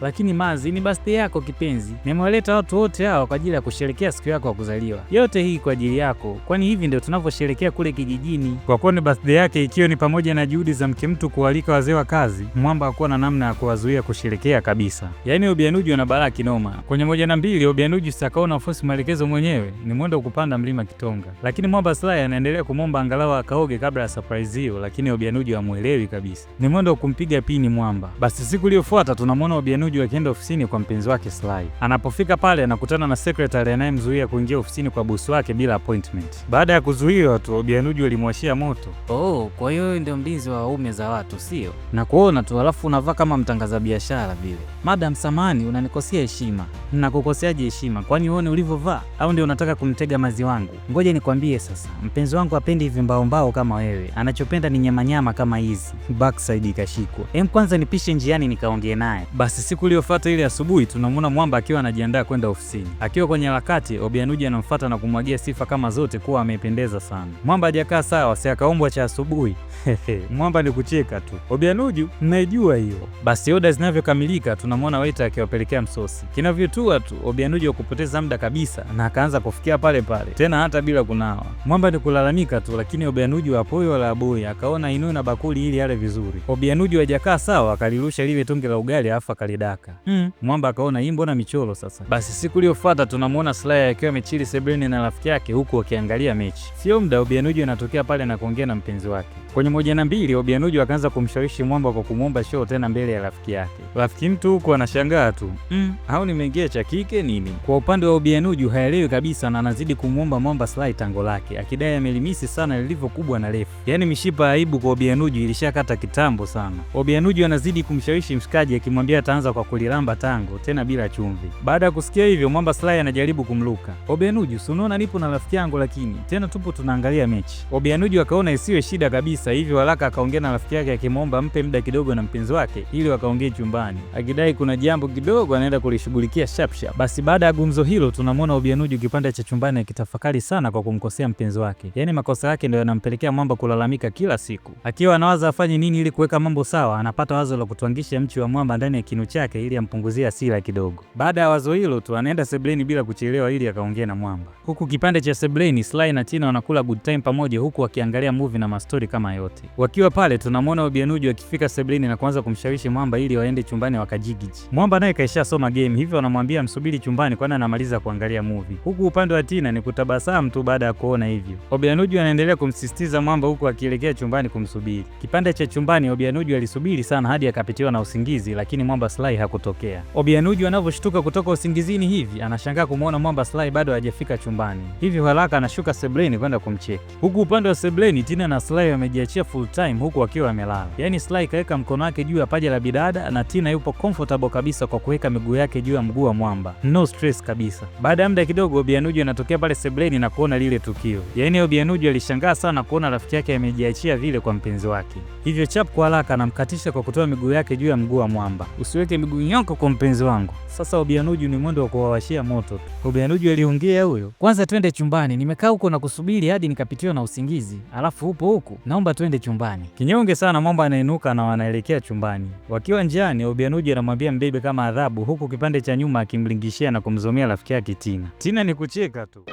Lakini Mazi, ni birthday yako kipenzi, nimewaleta watu wote hawa kwa ajili ya kusherekea siku yako ya kuzaliwa. Yote hii kwa ajili yako, kwani hivi ndio tunavyosherekea kule kijijini. Kwa kuwa ni birthday yake, ikiwa ni pamoja na juhudi za mke mtu kualika wazee wa kazi, Mwamba hakuwa na namna ya kuwazuia kusherekea kabisa. Yaani obianuji ana balaa kinoma. Kwenye moja na mbili, obianuji sakaona fosi maelekezo mwenyewe ni mwendo kupanda mlima Kitonga, lakini Mwamba Slai anaendelea kumwomba angalau akaoge kabla ya surprise hiyo, lakini Obianuji hamuelewi kabisa, ni mwendo kumpiga pini Mwamba. Basi siku iliyofuata tunamwona Nuju akienda ofisini kwa mpenzi wake Sly. Anapofika pale anakutana na secretary anayemzuia kuingia ofisini kwa bosi wake bila appointment. Baada ya kuzuiwa tu, Obianuju alimwashia moto. Oh, kwa hiyo ndio mlinzi wa ume za watu sio? Na kuona tu alafu unavaa kama mtangaza biashara vile. Madam, samani unanikosea heshima. Nakukoseaje heshima? Kwani uone ulivyovaa au ndio unataka kumtega mazi wangu? Ngoja nikwambie sasa, mpenzi wangu apendi hivi mbao mbao kama wewe, anachopenda ni nyamanyama kama hizi. Backside ikashikwa. Em, kwanza nipishe njiani nikaongee naye. Basi siku iliyofuata ile asubuhi, tunamwona Mwamba akiwa anajiandaa kwenda ofisini. Akiwa kwenye harakati, Obianuji anamfuata na kumwagia sifa kama zote kuwa amependeza sana. Mwamba hajakaa sawa, si akaombwa cha asubuhi. Mwamba ni kucheka tu. Obianuju mnaijua hiyo. Basi oda zinavyokamilika, tunamwona waita akiwapelekea msosi. Kinavyotua tu, Obianuji akupoteza muda kabisa na akaanza kufikia pale pale, tena hata bila kunawa. Mwamba ni kulalamika tu, lakini Obianuji hapoyo wala aboi, akaona inue na bakuli ili ale vizuri. Obianuji hajakaa sawa, akalirusha lile tungi la ugali afa kalida daka mm. Mwamba akaona hii mbona michoro sasa. Basi siku iliyofuata tunamwona Sly akiwa amechili sebuleni na rafiki yake huku wakiangalia mechi. Sio muda Obianuju anatokea pale na kuongea na mpenzi wake. Kwenye moja na mbili, Obianuju akaanza kumshawishi Mwamba kwa kumwomba show tena mbele ya rafiki yake. Rafiki mtu huko anashangaa tu, mm, au nimeingia cha kike nini? Kwa upande wa Obianuju haelewi kabisa na anazidi kumwomba Mwamba slai tango lake, akidai amelimisi sana lilivyo kubwa na refu. Yaani mishipa ya aibu kwa Obianuju ilishakata kitambo sana. Obianuju anazidi kumshawishi mshikaji akimwambia ataanza kwa kuliramba tango tena bila chumvi. Baada ya kusikia hivyo, Mwamba slai anajaribu kumluka. Obianuju, si unaona nipo na rafiki yangu, lakini tena tupo tunaangalia mechi. Obianuju akaona isiwe shida kabisa sasa hivi Waraka akaongea na rafiki yake akimwomba mpe muda kidogo na mpenzi wake ili wakaongee chumbani, akidai kuna jambo kidogo anaenda kulishughulikia shapshap. Basi baada ya gumzo hilo, tunamwona Obianuju kipande cha chumbani akitafakari sana kwa kumkosea mpenzi wake, yaani makosa yake ndio yanampelekea Mwamba kulalamika kila siku. Akiwa anawaza afanye nini ili kuweka mambo sawa, anapata wazo la kutwangisha mchi wa Mwamba ndani ya kinu chake ili ampunguzie hasira kidogo. Baada ya wazo hilo tu anaenda sebleni bila kuchelewa ili akaongee na Mwamba, huku kipande cha sebleni Sly na Tina wanakula good time pamoja, huku wakiangalia movie na mastori kama yote. Wakiwa pale, tunamwona Obianuju akifika sebuleni na kuanza kumshawishi Mwamba ili waende chumbani wakajigiji. Mwamba naye kaishasoma game, hivyo anamwambia msubiri chumbani, kwani anamaliza kuangalia movie, huku upande wa Tina ni kutabasamu tu baada ya kuona hivyo. Obianuju anaendelea kumsisitiza Mwamba huku akielekea chumbani kumsubiri. Kipande cha chumbani, Obianuju alisubiri sana hadi akapitiwa na usingizi, lakini Mwamba slai hakutokea. Obianuju anavyoshtuka kutoka usingizini hivi, anashangaa kumwona Mwamba Slai bado hajafika chumbani, hivyo haraka anashuka sebuleni kwenda kumcheki, huku upande wa sebuleni Tina na Slai wamejia aliachia full time huku akiwa amelala. Yaani Sly kaweka mkono wake juu ya paja la bidada na Tina yupo comfortable kabisa kwa kuweka miguu yake juu ya mguu wa mwamba, no stress kabisa. Baada ya muda kidogo, Obianuju anatokea pale sebleni na kuona lile tukio. Yaani Obianuju alishangaa sana kuona rafiki yake amejiachia vile kwa mpenzi wake, hivyo Chap kwa haraka anamkatisha kwa kutoa miguu yake juu ya mguu wa mwamba. Usiweke miguu yako kwa mpenzi wangu. Sasa Obianuju ni mwendo wa kuwawashia moto. Obianuju aliongea huyo, kwanza twende chumbani, nimekaa huko na kusubiri hadi nikapitiwa na usingizi, alafu upo huku, naomba twende chumbani. Kinyonge sana, Mwamba anainuka na wanaelekea chumbani. Wakiwa njiani, Obianuju anamwambia Mbebe kama adhabu, huku kipande cha nyuma akimlingishia na kumzomea rafiki yake Tina. Tina ni kucheka tu.